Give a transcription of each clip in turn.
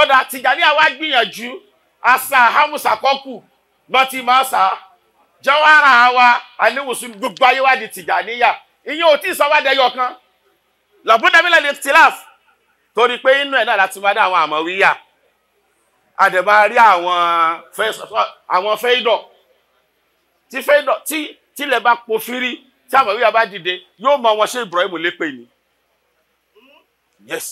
ọ̀dà àtìjà ní àwa gbìyànjú asa hamusa kọ́kù lọ́tí máa sà á jẹ́wọ́ra wa àníwòsùn gbogbo ayé wa di tìjà níyà ìyẹn ò tí ì sanwó adẹ́yọ kan lọ́bùdàmílẹ̀ ní tìláf torí pé inú ẹ̀ náà láti máa dá àwọn àmọ̀wíyà àdẹ̀bá rí àwọn fẹ́ìdọ̀ tí fẹ́ìdọ̀ tí tílẹ̀ bá po fírí tí àmọ̀wíyà bá dìde yóò mọ wọn ṣe Ibrahim lépè ni yes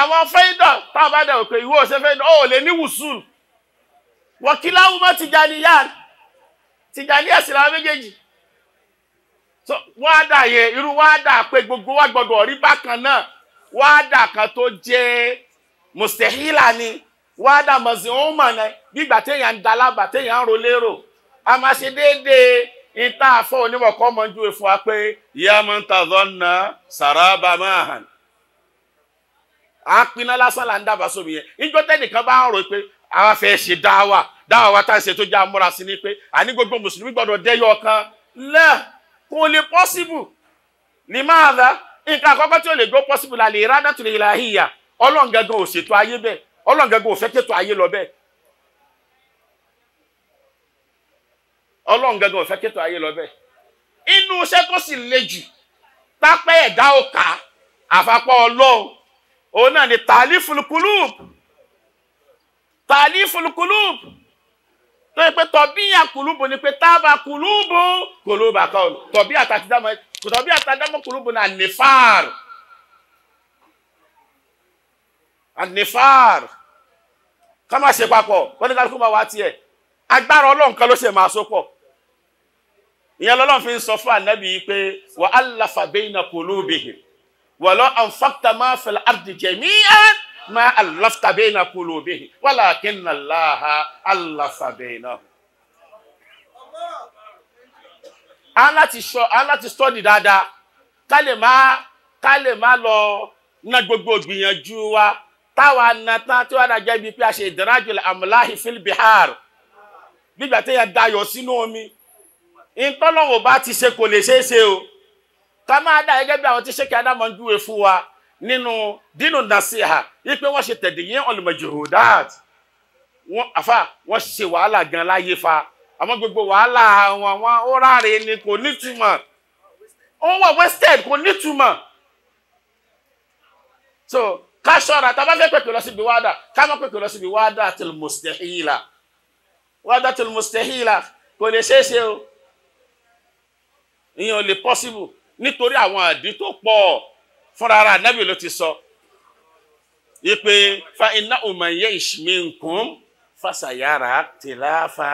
àwọn fẹ́dọ̀ tá a bá dẹ̀ pé ìwọ ṣe fẹ́dọ̀ ó lè ní wùsùl wọ̀kíláwù mọ́ tìjàníyà tìjàníyà sì làwọn méjèèjì wọ́n á dà yẹn irú wọ́n á gbogbo wa gbọ́dọ̀ rí bákan náà wọ́n á dà kan tó jẹ́ mùsẹ̀hílà ni wọ́n á dà mọ̀sí òun mọ̀ náà bí téèyàn ń dalábà téèyàn a máa ṣe déédéé ìta àfọ oníwọ̀kọ́ mọ́jú ìfọ̀ à ń pinná lásán là ń dábàá sómi yẹn ìjọ tẹ́nìkan bá ń rò pé àwa fẹ́ ṣe dáwà dáwà wa tá à ń ṣe tó sí ni pé àní gbogbo mùsùlùmí gbọ́dọ̀ dẹ́yọ lẹ́ kò lè ní máa nǹkan àkọ́kọ́ tí lè la lè rádà tó lè la hìyà ọlọ́run ò ṣètò ayé bẹ́ẹ̀ ọlọ́run aye ò fẹ́ ayé lọ bẹ́ẹ̀ ò fẹ́ òun náà ni tàlífùl kùlùb tàlífùl kùlùb tó yẹ pé tọ̀bíyà kùlùbù ni pé tábà kùlùbù kùlùbà kan tọ̀bí àtàdámọ̀ tọ̀bí àtàdámọ̀ kùlùbù náà nìfàr nìfàr ká má ṣe papọ̀ wọ́n ní kálukú máa wá tiẹ̀ agbára ọlọ́run kan ló ṣe máa so pọ̀ ìyẹn lọ́lọ́run fi ń sọ fún ànábì yìí pé wa allafa bayna qulubihim ولو ànfàkta ما في àrùdì جميعا ما máa àlàfta bẹ́ẹ̀ ولكن الله bẹ́ẹ̀ wàlà kí n nà láha àlàfà bẹ́ẹ̀ náà. a láti sọ a láti sọ́ọ̀dì dáadáa ká lè má ká lè má lọ ná gbogbo gbìyànjú wa táwa na tán tí wàá dájọ́ ibi pé a ṣe ìdánrájò àmúláhì fílbihar gbígbà téèyàn dayọ̀ sínú omi ìtọ́lọ́wọ̀ bá ti ṣe kò lè ṣeé ṣe o. Kama ada dá gẹ́gẹ́ bí àwọn tí ṣékè ádámọ̀ ń júwe fún wa nínú dínú nasiha yí pé wọ́n ṣe tẹ̀dí yín olùmọ̀jòhódáàt wọ́n àfà wọ́n ṣe wàhálà gan láyé fa àmọ́ gbogbo wàhálà wọn wọn ó ráre ni kò nítumọ̀ ó wà wasted kò nítumọ̀ so ká ṣọ́ra tá a bá fẹ́ pèpè lọ síbi wáàdà ká má pèpè lọ síbi wáàdà til mustahila wáàdà til mustahila kò lè ṣeé ṣe o ìyẹn ò lè possible nítorí àwọn àdín tó pọ̀ fúnrara anábì ló ti sọ ipe fa iná òmàyẹ ìṣmínkùn fàṣàyàrá tìláfà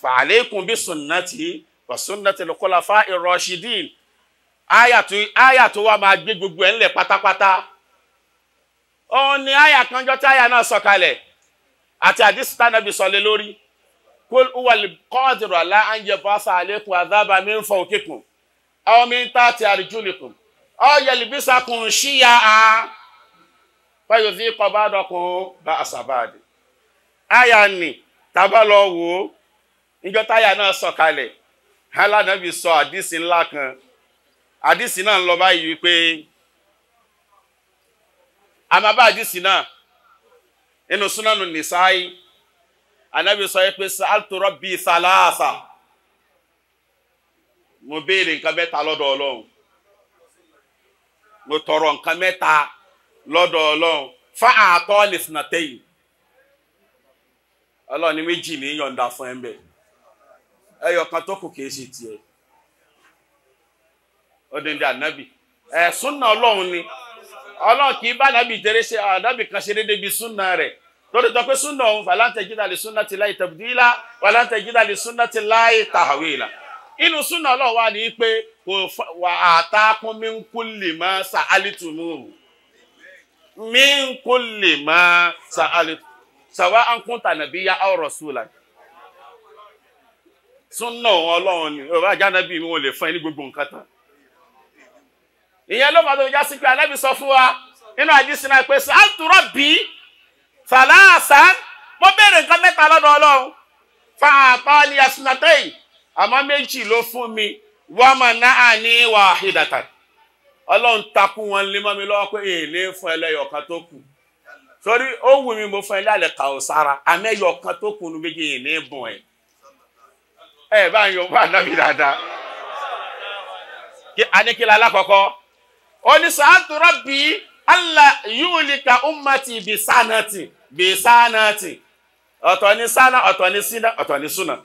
fàálẹ́kùn bí sunnati wà sunnati lọ́kọ́láfà ìrọ̀ṣídìn áyà tó wá máa gbé gbogbo ẹ̀ ńlẹ̀ pátápátá òun ni áyà kanjọ́ tí áyà náà sọ̀kalẹ̀ àti àdísí tánàbì sọ̀lẹ̀ lórí kul huwa al-qadiru ala an yab'atha alaykum adhaban min fawqikum aw min taati arjulikum aw yalbisakum shiya'a fayuziqa ba'dakum ba'sa ba'd àyà ni tàbá lọ wò ó níjọ́ taya náà sọ kalẹ̀ sọ àdìsí ńlá kan àdìsí náà ń lọ báyìí wípé àmàbá náà inú súnánù nìsáyí ànábì sọ pé sàlùtò sàlàásà. mo béèrè nǹkan mẹ́ta lọ́dọ̀ ọlọ́run mo tọrọ nǹkan mẹ́ta lọ́dọ̀ ọlọ́run fún àtọ́ lẹ́sìnà tẹ́yìn ọlọ́run ní méjì ní yọ̀ǹda fún ẹ mbẹ́ ẹyọ kan tó kù kìí ṣe tiẹ̀ ànábì ọlọ́run ni ọlọ́run kì í bá ànábì ṣe ànábì inú súnà ọlọ́run wà ní pé wà á ta kún mí ń kú lè mọ́ sa alítùmù mí ń kú lè mọ́ sa alítùmù sàwa à ń kún tànàbí yá ọ̀rọ̀ sùlà súnà òun ọlọ́run ni ọ̀rọ̀ àjánábì mi ò lè fún ẹ ní gbogbo nǹkan tán ìyẹn ló bá tó já sí pé alábì sọ fún wa nínú àdìsí náà pé sàtúrọ̀ bí fàlàsà mo béèrè nǹkan mẹ́ta lọ́dọ̀ ọlọ́run fàtọ́ ni àsùnàtẹ́yì. àmọ́ méjì ló fún mi wọ́n máa náà ní wàhídàtà ọlọ́run takú wọn lé mọ́ mi lọ́wọ́ pé èlé fún ẹlẹ́yọ̀kan tó kù sórí ó wù mí mo fún ẹ lálẹ́ kà ó sára àmẹ́yọ̀kan tó kù nu méjì èlé bùn ẹ̀ ẹ bá ń yọ bá nábì dáadáa kí anikila alákọ̀ọ́kọ́ ka umati bi sanati bi sanati ọ̀tọ̀ ni sana ọ̀tọ̀ ni sina ọ̀tọ̀ ni suna.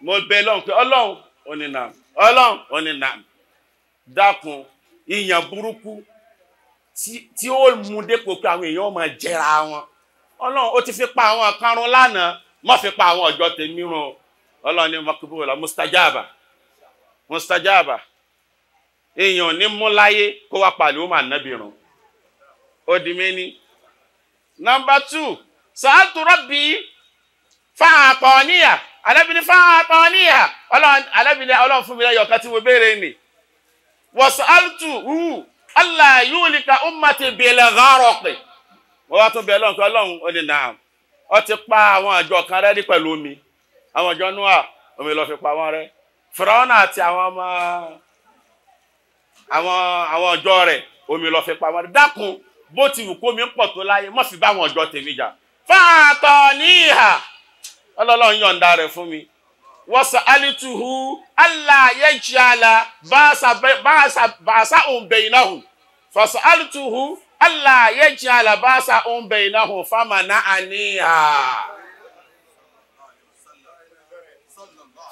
mo bẹ lọ́hùn pé ọlọ́hùn onínàm ọlọ́hùn onínàm dákun ìyàn burúkú tí ó mú dépò pé àwọn èèyàn máa jẹra wọn ọlọ́hùn ó ti fi pa àwọn karùn-ún lánàá má fi pa àwọn ọjọ́ tèmi rún ọlọ́hùn ní makibola mustajaba mustajaba èèyàn ní mú láyé kó wá pàlẹ́ ó máa nábì rún ó di méní nọmba two sàátù rọ́bì fáwọn akọ níyà alábìnrin fáwọn apáwọníyà alábìnrin ọlọ́run fún mi lẹ́yọ̀ kan tí mo béèrè nì wọ̀sáltù hù allah yóò lè ka ummati bèèlè rárọ̀ pé wọ́n wá tún bẹ ọlọ́run pé ọlọ́run ó ní nà ó ti pa àwọn àjọ kan rẹ́ ní pẹ̀lú omi àwọn àjọ noa omi ló fi pa wọ́n rẹ́ fìrọ́nà àti àwọn ọmọ àwọn àwọn ọjọ́ rẹ̀ omi ló fi pa wọ́n rẹ́ dákun bó ti wù kó mi pọ̀ tó láyé mọ̀ fi bá àwọn ọjọ́ tèmi jà fáàtọ̀ níhà ọlọ́lọ́run yọ̀ǹda rẹ̀ fún mi wọ́sà alituhu aláyẹ̀jìala bàásà òǹbẹ̀ ìnáhùn um fọ́sà alituhu aláyẹ̀jìala bàásà òǹbẹ̀ um ìnáhùn fámànà àníyà.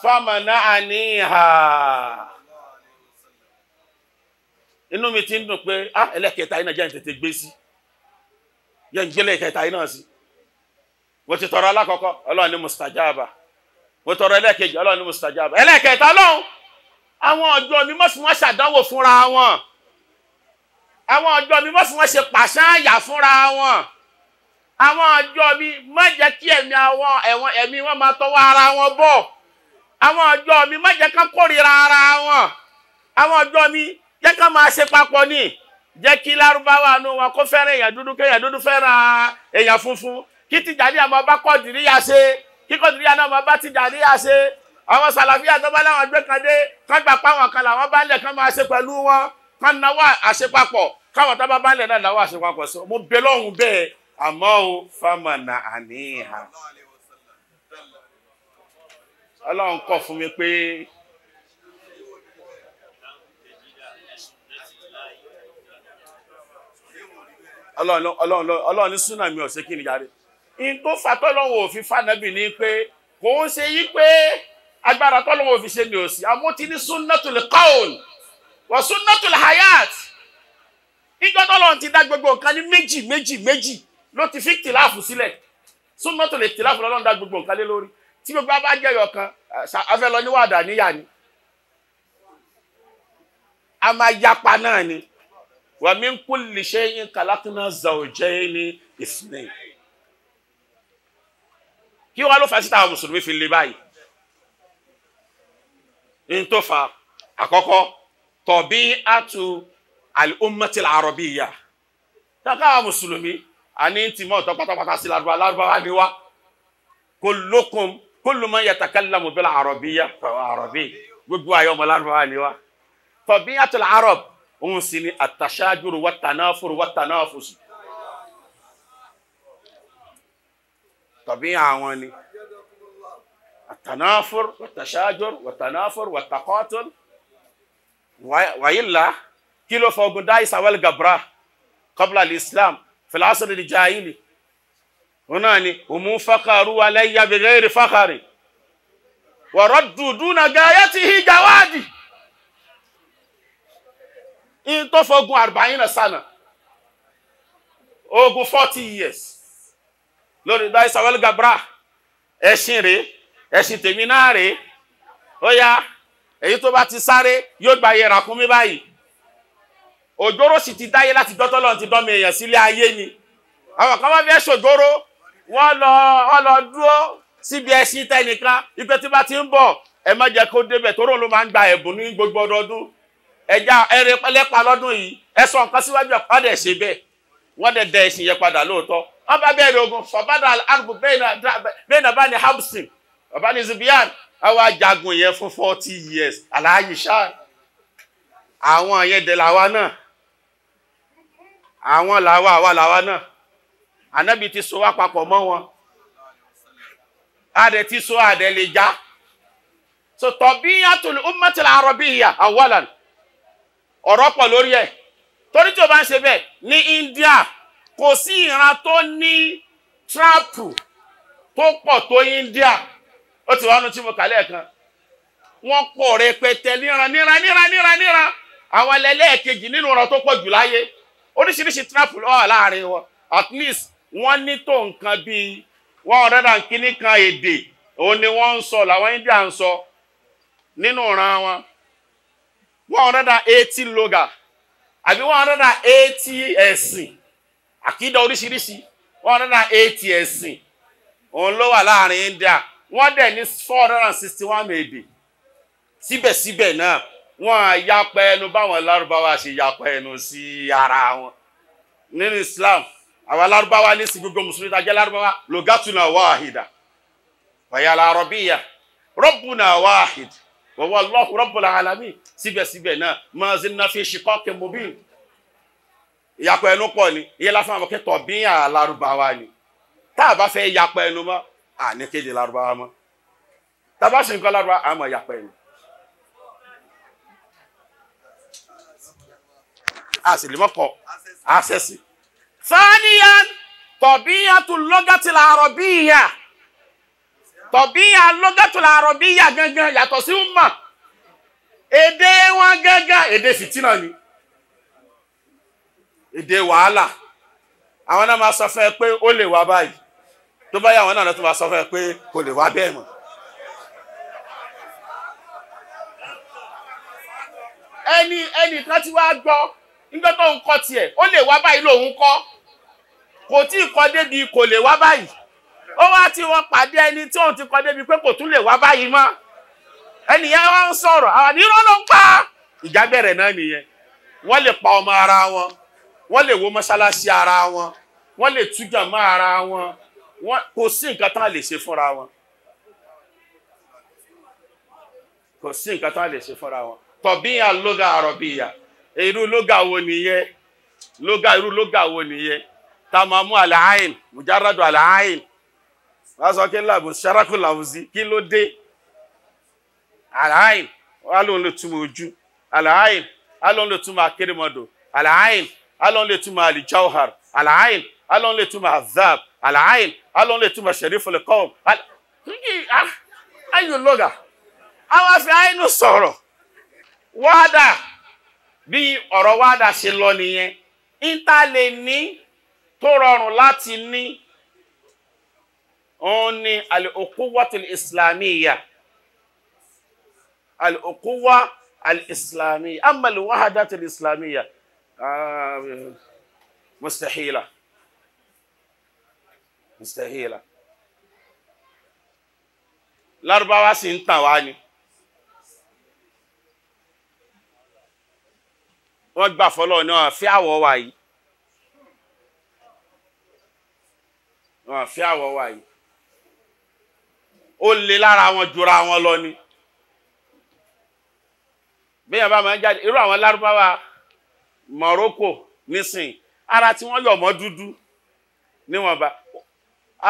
fámànà àníyà. inú mi ti ń dùn pé ah, ẹlẹ́kẹta iná jẹ́ ń tètè gbé sí yẹn ń gbé ẹlẹ́kẹta iná sí i mo ti tọrọ alákọ̀ọ́kọ́ ọlọ́run ní mustajaba mo tọrọ ẹlẹ́ẹ̀kejì ọlọ́run ní mustajaba ẹlẹ́ẹ̀kẹta ọlọ́run àwọn ọjọ́ mi mọ́sùn wọn ṣàdánwò fúnra wọn àwọn ọjọ́ mi mọ́sùn wọn ṣe pàṣáyà fúnra wọn àwọn ọjọ́ mi má jẹ́ kí ẹ̀mí àwọn ẹ̀wọ̀n ẹ̀mí wọn máa tọwọ́ ara wọn bọ̀ àwọn ọjọ́ mi má jẹ́ ká kórìíra ara wọn àwọn ọjọ́ mi jẹ́ ká máa ṣe papọ̀ ni jẹ́ kí lárúbáwá nu wọn kó fẹ́ràn èèyàn dúdú kéèyàn dúdú fẹ́ràn èèyàn funfun kí Tìjàníyà máa bá Kọ̀dìríyà ṣe kí Kọ̀dìríyà náà máa bá Tìjàníyà ṣe àwọn sàlàfíà tó bá láwọn gbé kan dé kán gbà páwọn kan làwọn bá lẹ̀ kán máa ṣe pẹ̀lú wọn kán náwó àṣepapọ̀ káwọn tó bá bá lẹ̀ náà náwó àṣepapọ̀ sọ mo bẹ lọ́hùn bẹ́ẹ̀ àmọ́ o fámànà àníhàn ọlọ́run kọ̀ fún mi pé ọlọ́run ní súnà mi ò ṣe kí ni yára in tó fa tọ́lọ́wọ́ òfin fànàbì ni pé kò ń ṣe yí pé agbára tọ́lọ́wọ́ òfin ṣe ni ò sí àmúti ní sunnatul qawl wa sunnatul hayat ìjọ tọ́lọ́run ti dá gbogbo nǹkan ní méjì méjì méjì ló ti fi tìláàfù sílẹ̀ sunnatul tìláàfù lọ́lọ́run dá gbogbo nǹkan lé lórí tí gbogbo abá jẹyọ kan afẹ́ lọ níwàdà níyà ni a máa yapa náà ni wa min kulli shay'in khalaqna zawjayni ithnayn kí wàá ló fà sí táwọn mùsùlùmí fi le báyìí n tó fa àkọ́kọ́ tọ̀bí àtú al-ummatil arabiyya káwọn mùsùlùmí àní tìmọ̀ ọ̀tọ̀ pátápátá sí ládùúgbò alárúbáwá ni wá kullukum kullu man yatakallamu bil arabiyya fẹ̀wọ̀ àrọ̀bí gbogbo ayé ọmọ lárúbáwá ni wá tọ̀bí àtú al òun sì ni at-tashajur wat tàbí àwọn ni àtànáfọ́r wàtàṣájọ́r wàtànáfọ́r wàtàkọ́tọ́l wàyílà kí ló fọgùn dá ìsàwẹ́l gabra kọ́bla islam filasiri di jahili wọn náà ni òmù fákàrú aláyà bẹ̀rẹ̀ fákàrí wọ̀rọ̀ dùdú na gaya ti hí gawadi in tó fọgùn àrùbáyìn na sánà ogun 40 years lodida dá gabra ẹṣin rèé ẹṣin tèmi náà rèé ó yá èyí tó bá ti sáré yóò gba iye ràkúnmí báyìí òjòrò sì ti dáyé láti dọ́tọ́ lọ́n ti dọ́mi èèyàn sílé ayé ni àwọn kan bá fẹ́ ṣòjòrò wọ́n wọ́n lọ dúró síbi ẹṣin tẹnìkan ipe ti ń bọ̀ ẹ má kó débẹ̀ gba ẹ̀bùn ní gbogbo ọdọọdún ẹja ẹrẹ yìí nǹkan síwájú padà ọba bẹ́ẹ̀ lógun fọ̀bádà àrùbù bẹ́ẹ̀nà bá ní hamsin ọba ní zubian àwọn ajagun yẹn fún forty years aláyíṣà àwọn yẹn dẹ̀ làwa náà àwọn làwa àwa làwa náà ànábì ti so wá papọ̀ mọ́ wọn adẹ̀ ti so adẹ̀ lè já so tabiyatul ummatil arabiyya awalan ọ̀rọ̀ pọ̀ lórí ẹ̀ torí tí o bá ń ṣe bẹ́ẹ̀ ní India kò sí ìran tó ní tíráàpù tó pọ̀ tó India ó ti wá nu tí mo kà lẹ́ẹ̀kan wọ́n pọ̀ rẹpẹtẹ níran níran níran níran níran àwọn ẹlẹ́ẹ̀kejì nínú ọ̀rọ̀ tó pọ̀ jù láyé oríṣiríṣi tíráàpù ló wà láàrin wọn at least wọ́n ní tó nǹkan bíi one hundred and kìíní kan èdè òun ni wọ́n ń sọ làwọn India ń sọ nínú ìran wọn one hundred and eighty loga àbí one hundred and eighty ẹ̀sìn. àkídà oríṣiríṣi one hundred and eighty ẹ̀sìn òun ló wà láàrin India wọ́n dẹ̀ ní four hundred and sixty one èdè síbẹ̀síbẹ̀ náà wọ́n á yapa ẹnu báwọn lárúbáwá ṣe yapa ẹnu sí ara wọn nínú Islam àwọn lárúbáwá ní sí gbogbo mùsùlùmí tá a jẹ́ lárúbáwá lògátùnà wàhídà wàyàlà àrọ̀bíyà rọ́bùnà wàhíd wa wallahu rabbul alamin síbẹ̀síbẹ̀ náà mazilna fi shiqaqin mubin ìyapọ̀ ẹnu pọ̀ ni ìyẹn lásán àmọ́ kẹtọ̀ bí alárúbáwá ni tá a bá fẹ́ yapọ̀ ẹnu mọ́ àní kéde lárúbáwá mọ́ tá a bá ṣe nǹkan lárúbáwá àmọ́ yapọ̀ ẹnu. àṣìlímọ́kọ̀ àṣẹ̀sì. sáníyà tọ̀bíyà tún lọ́gàtìlà àrọ̀bíyà tọ̀bíyà lọ́gàtìlà àrọ̀bíyà gangan yàtọ̀ sí mọ̀ èdè wọn gangan èdè fìtínà ni. èdè wàhálà àwọn náà máa sọ fẹ́ pé ó lè wá báyìí tó bá yà àwọn náà tún máa sọ fẹ́ pé kò lè wá bẹ́ẹ̀ mọ́. ẹni ẹnì kan tí wàá gbọ́ nígbà tó ń kọ́ tiẹ̀ ó lè wá báyìí lòun kọ́ kò tí ì kọ́ débi kò lè wá báyìí ó wá tí wọ́n pàdé ẹni tí òun ti kọ́ débi pé kò tún lè wá báyìí mọ́ ẹnìyẹn wá ń sọ̀rọ̀ àwọn àdìrọ́ ló ń pa ìjà bẹ̀rẹ̀ náà nìyẹn wọ́n lè pa ọmọ ara wọn. wọ́n lè wo mọ́ṣáláṣí ara wọn wọ́n lè tújà mọ́ ara wọn kò sí nǹkan tán lè ṣe fúnra wọn kò sí nǹkan tán lè ṣe fúnra wọn tọ̀bíyàn lóga àrọ̀bíyà irú lóga wo nìyẹn lóga irú lóga wo nìyẹn tá a máa mú àlàáyìn mujarradu àlàáyìn wọ́n sọ kí láàbù ṣarakù làwùzí kí ló dé àlàáyìn wọ́n á lóun lè túmọ̀ ojú àlàáyìn á lóun lè túmọ̀ akérèmọdò àlàáyìn alon lè túmọ̀ alijawhar alain alon lè túmọ̀ azab alain alon lè túmọ̀ sherif olùkọ́m ayò ah, lọ́gà àwọn afi àìnú sọ̀rọ̀ wáàdà bí ọ̀rọ̀ wáàdà ṣe lọ nìyẹn níta lè ní tó rọrùn láti ní òun ni al-uquwatul islamiyya al-uquwa al-islamiyya amma al-wahdatul islamiyya مستحيلة مستحيلة lárúbáwá sì ń tàn wá ni wọ́n gbà fọ́lọ́ ní wọ́n fẹ́ àwọ̀ wà yìí wọ́n fẹ́ àwọ̀ wà yìí ó lè lára wọn jura wọn lọ ni bí yàrá máa ń jáde irú àwọn lárúbáwá. Morocco nísìn ara tí wọ́n yọ̀ mọ́ dúdú níwọ̀nba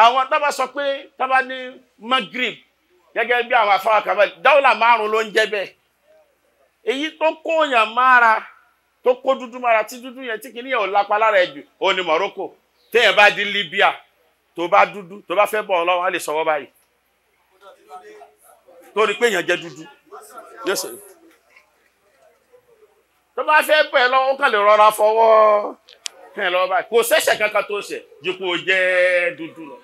àwọn tábà sọ pé tábà ní Magreb. gẹ́gẹ́ bí àwọn afárá kan báyìí dáwọ́là márùn ló ń jẹ́ bẹ́ẹ̀ èyí tó kóyàn mára tó kó dúdú mára tí dúdú yẹn tí kìíní yẹn ò lápá lára ẹ̀jù ó ní Morocco téèyàn bá di Libya tó bá dúdú tó bá fẹ́ bọ̀ ọlọ́run á lè sọ̀wọ́ báyìí torí pé èèyàn jẹ́ dúdú yóò sọ̀rọ̀ tó bá fẹ́ bẹ̀ ẹ́ lọ́wọ́ kàn lè rọra fọwọ́ kàn lọ́wọ́ báyìí kò sẹ́sẹ̀ kankan tó ṣe jù kó jẹ́ dúdú lọ.